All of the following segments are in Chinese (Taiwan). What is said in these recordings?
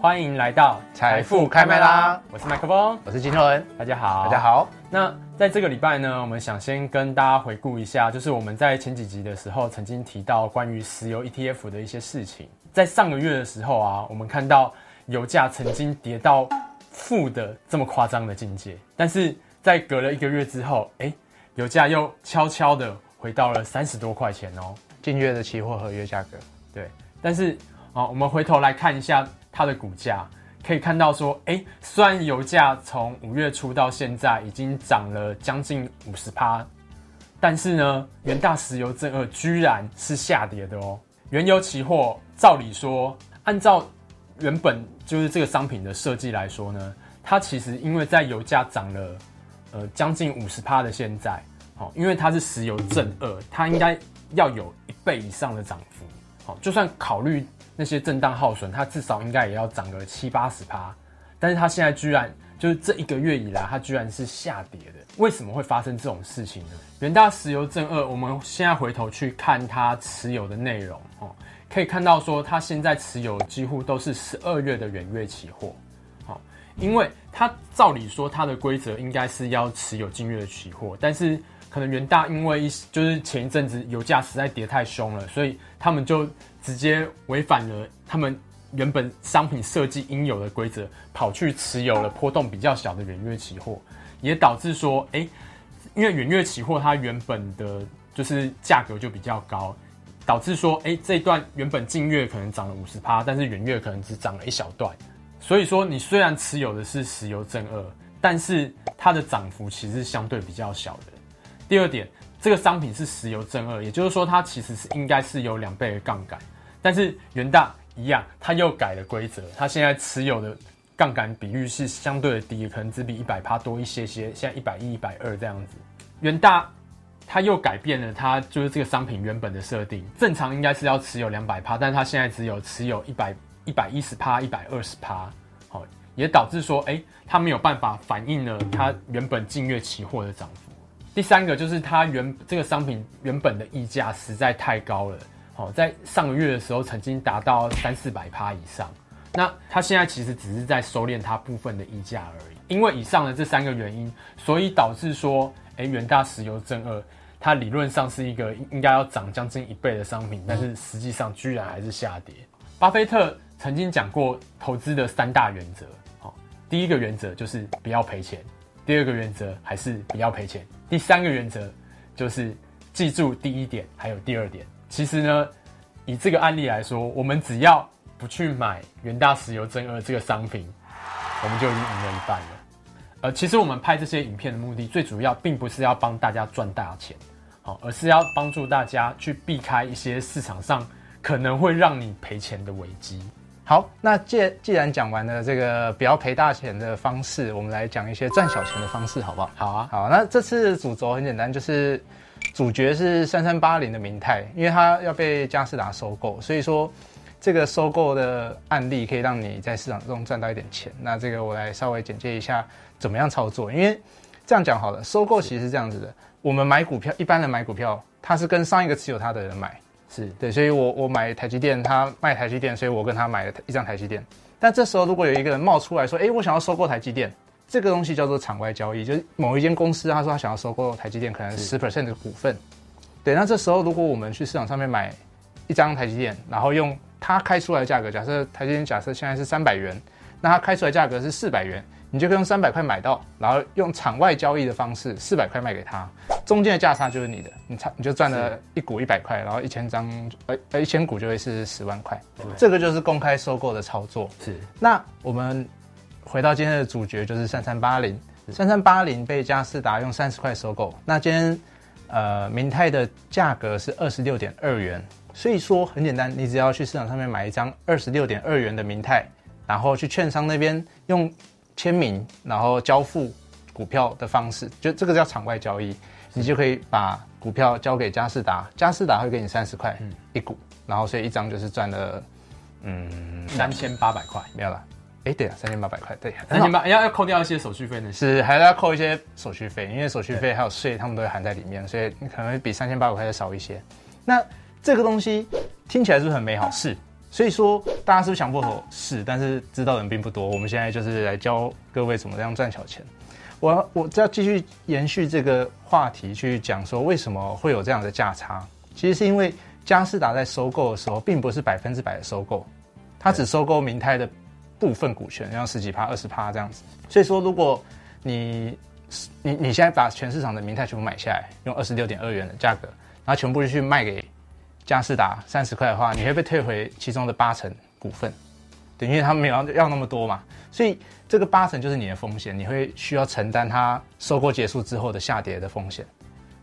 歡迎來到財富開麥拉！我是麥克風，我是筋肉人，大家好，大家好。那在這個禮拜呢，我們想先跟大家回顧一下，就是我們在前幾集的時候曾經提到關於石油 ETF 的一些事情。在上個月的時候啊，我們看到油價曾經跌到負的這麼誇張的境界，但是在隔了一個月之後，哎。油價又悄悄的回到了三十多塊錢哦、喔，近月的期貨合約價格。對，但是啊、哦，我們回頭來看一下它的股價，可以看到說，哎、欸，雖然油價從五月初到現在已經漲了將近五十趴，但是呢，元大石油正二居然是下跌的哦、喔。原油期貨照理說，按照原本就是這個商品的設計來說呢，它其實因為在油價漲了。呃，將近五十趴的現在，因為它是石油正二，它應該要有一倍以上的漲幅，就算考慮那些震盪耗損，它至少應該也要漲個七八十趴，但是它現在居然就是這一個月以來，它居然是下跌的，為什麼會發生這種事情呢？元大石油正二，我們現在回頭去看它持有的內容，哦，可以看到說它現在持有幾乎都是十二月的遠月期貨。好，因為它照理說它的規則應該是要持有近月的期貨，但是可能元大因為就是前一陣子油價實在跌太凶了，所以他們就直接違反了他們原本商品設計應有的規則，跑去持有了波動比較小的遠月期貨，也導致說，哎、欸，因為遠月期貨它原本的就是價格就比較高，導致說，哎、欸，這段原本近月可能漲了五十趴，但是遠月可能只漲了一小段。所以說，你雖然持有的是石油正二，但是它的漲幅其實是相對比較小的。第二點，這個商品是石油正二，也就是說它其實是應該是有兩倍的槓桿，但是元大一樣，它又改了規則，它現在持有的槓桿比率是相對的低，可能只比一百趴多一些些，現在一百一、一百二這樣子。元大它又改變了它就是這個商品原本的設定，正常應該是要持有兩百趴，但它現在只有持有一百。一百一十趴，一百二十趴。好，也導致說，哎、欸，它沒有辦法反映了它原本近月期貨的漲幅。第三個就是它原這個商品原本的溢價實在太高了，好，在上個月的時候曾經達到三四百趴以上，那它現在其實只是在收斂它部分的溢價而已。因為以上的這三個原因，所以導致說，哎、欸，元大石油正二，它理論上是一個應該要漲將近一倍的商品，但是實際上居然還是下跌。巴菲特曾經講過投資的三大原則，好，第一個原則就是不要賠錢，第二個原則還是不要賠錢，第三個原則就是記住第一點還有第二點。其實呢，以這個案例來說，我們只要不去買元大石油正二這個商品，我們就已經贏了一半了。呃，其實我們拍這些影片的目的，最主要並不是要幫大家賺大錢，好，而是要幫助大家去避開一些市場上可能會讓你賠錢的危機。好，那既然既然講完了這個不要賠大錢的方式，我們來講一些賺小錢的方式，好不好？好啊，好。那這次的主軸很簡單，就是主角是三三八零的明泰，因為它要被佳世達收購，所以說這個收購的案例可以讓你在市場中賺到一點錢。那這個我來稍微簡介一下怎麼樣操作，因為這樣講好了，收購其實是這樣子的：是我們買股票，一般人買股票，他是跟上一個持有他的人買。是對，所以我我買台積電，他賣台積電，所以我跟他買了一張台積電。但這時候如果有一個人冒出來說，哎、欸，我想要收購台積電，這個東西叫做場外交易，就是某一間公司他說他想要收購台積電，可能十 percent 的股份。是對，那這時候如果我們去市場上面買一張台積電，然後用他開出來的價格，假設台積電假設現在是三百元，那他開出來價格是四百元，你就可以用三百塊買到，然後用場外交易的方式四百塊賣給他。中間的價差就是你的，你差你就賺了一股一百塊，是然後一千張，呃呃一千股就會是十萬塊，是這個就是公開收購的操作。是，那我們回到今天的主角就是三三八零，三三八零被嘉士達用三十塊收購。那今天，呃，明泰的價格是二十六點二元，所以說很簡單，你只要去市場上面買一張二十六點二元的明泰，然後去券商，那邊用簽名然後交付股票的方式，就這個叫場外交易。你就可以把股票交給佳世達，佳世達會給你三十塊一股，嗯、然後所以一張就是賺了嗯三千八百塊，沒有了？哎、欸，對啊，三千八百塊對。那你們要要扣掉一些手續費呢？是，還要扣一些手續費？因為手續費還有稅，他們都會含在裡面，對所以你可能比三千八百塊要少一些。那這個東西聽起來是不是很美好，是，所以說大家是不是想破頭？嗯、是，但是知道的人並不多。我們現在就是來教各位怎麼樣賺小錢。我我要繼續延續這個話題去講說，為什麼會有這樣的價差？其實是因為佳士達在收購的時候，並不是百分之百的收購，它只收購明泰的部分股權，然後十幾趴、二十趴這樣子。所以說，如果你你你現在把全市場的明泰全部買下來，用二十六點二元的價格，然後全部去賣給佳士達三十塊的話，你會被退回其中的八成股份，等於他們沒有要那麼多嘛。所以這個八成就是你的風險，你會需要承擔它收購結束之後的下跌的風險。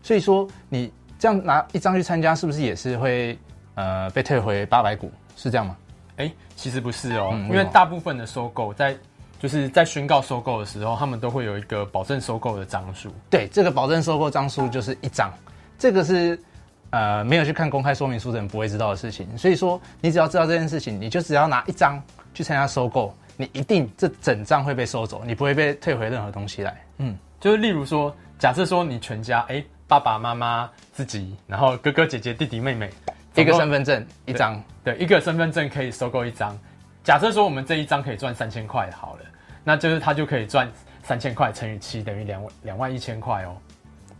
所以說你這樣拿一張去參加，是不是也是會呃被退回八百股？是這樣嗎？哎，其實不是哦。嗯嗯喔。因為大部分的收購在就是在宣告收購的時候，他們都會有一個保證收購的張數。對，這個保證收購張數就是一張，這個是呃沒有去看公開說明書的人不會知道的事情。所以說你只要知道這件事情，你就只要拿一張去參加收購。你一定這整張會被收走，你不會被退回任何東西來。嗯，就是例如說，假設說你全家，哎、欸，爸爸媽媽自己，然後哥哥姐姐、弟弟妹妹，一個身份證一張，對，一個身份證可以收購一張。假設說我們這一張可以賺三千塊，好了，那就是他就可以賺三千塊乘以七等於兩萬兩萬一千塊哦。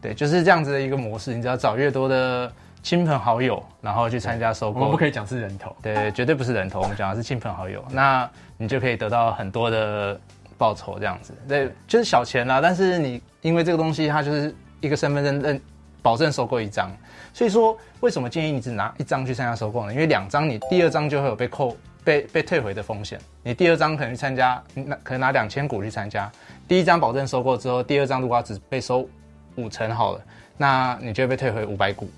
對，就是這樣子的一個模式，你只要找越多的。親朋好友，然後去參加收購，我們不可以講是人頭，對，絕對不是人頭，我們講的是親朋好友。對那你就可以得到很多的報酬，這樣子，對，對，就是小錢啦。但是你因為這個東西，它，就是一個身份證保證收購一張，所以說為什麼建議你只拿一張去參加收購呢？因為兩張，你第二張就會有被扣，被被退回的風險。你第二張可能去參加，可能拿兩千股去參加，第一張保證收購之後，第二張如果只被收五成好了，那你就會被退回五百股。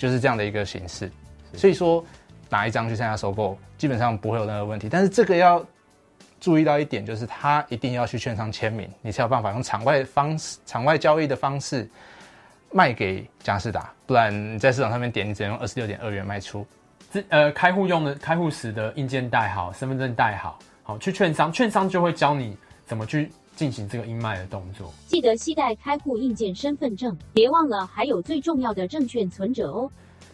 就是這樣的一個形式，所以說拿一張去參加收購，基本上不會有任何問題。但是這個要注意到一點，就是他一定要去券商簽名，你才有辦法用場外方式、場外交易的方式賣給嘉士達，不然你在市場上面點，你只能用二十六點二元賣出。這呃開戶用的開戶時的硬件帶好，身份證帶好，好去券商，券商就會教你怎麼去。進行這個應賣的動作，記得攜帶開戶印鑑身份證，別忘了還有最重要的證券存折哦。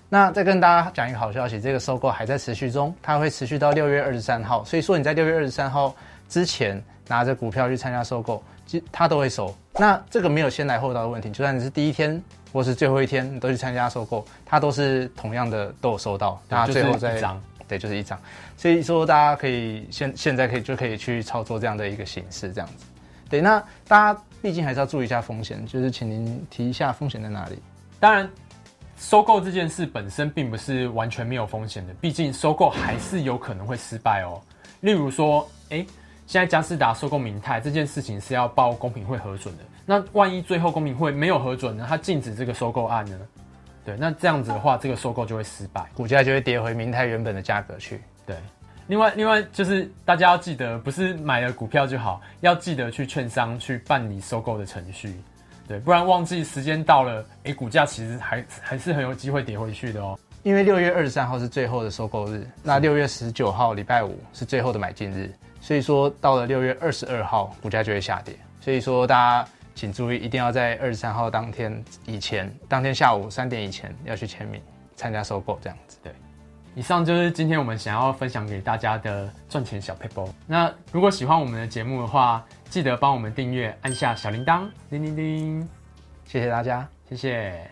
那再跟大家講一個好消息，這個收購還在持續中，它會持續到六月二十三號。所以說你在六月二十三號之前拿着股票去參加收購，它都會收。那這個沒有先來後到的問題，就算你是第一天或是最後一天你都去參加收購，它都是同樣的都有收到。那最是一張，對，就是一張。所以說大家可以現現在可以就可以去操作這樣的一個形式，這樣子。對，那大家畢竟還是要注意一下風險，就是請您提一下風險在哪裡。當然，收購這件事本身並不是完全沒有風險的，畢竟收購還是有可能會失敗哦。例如說，哎，現在佳世達收購明泰這件事情是要報公平會核准的，那萬一最後公平會沒有核准呢？它禁止這個收購案呢？對，那這樣子的話，這個收購就會失敗，股價就會跌回明泰原本的價格去。對。另外，另外就是大家要記得，不是買了股票就好，要記得去券商去辦理收購的程序，對，不然忘記時間到了，哎、欸，股價其實還還是很有機會跌回去的哦、喔。因為六月二十三號是最後的收購日，是那六月十九號禮拜五是最後的買進日，所以說到了六月二十二號股價就會下跌，所以說大家請注意，一定要在二十三號當天以前，當天下午三點以前要去簽名參加收購，這樣子，對。以上就是今天我們想要分享給大家的賺錢小撇步。那如果喜歡我們的節目的話，記得幫我們訂閱，按下小鈴鐺，叮叮叮！謝謝大家，謝謝。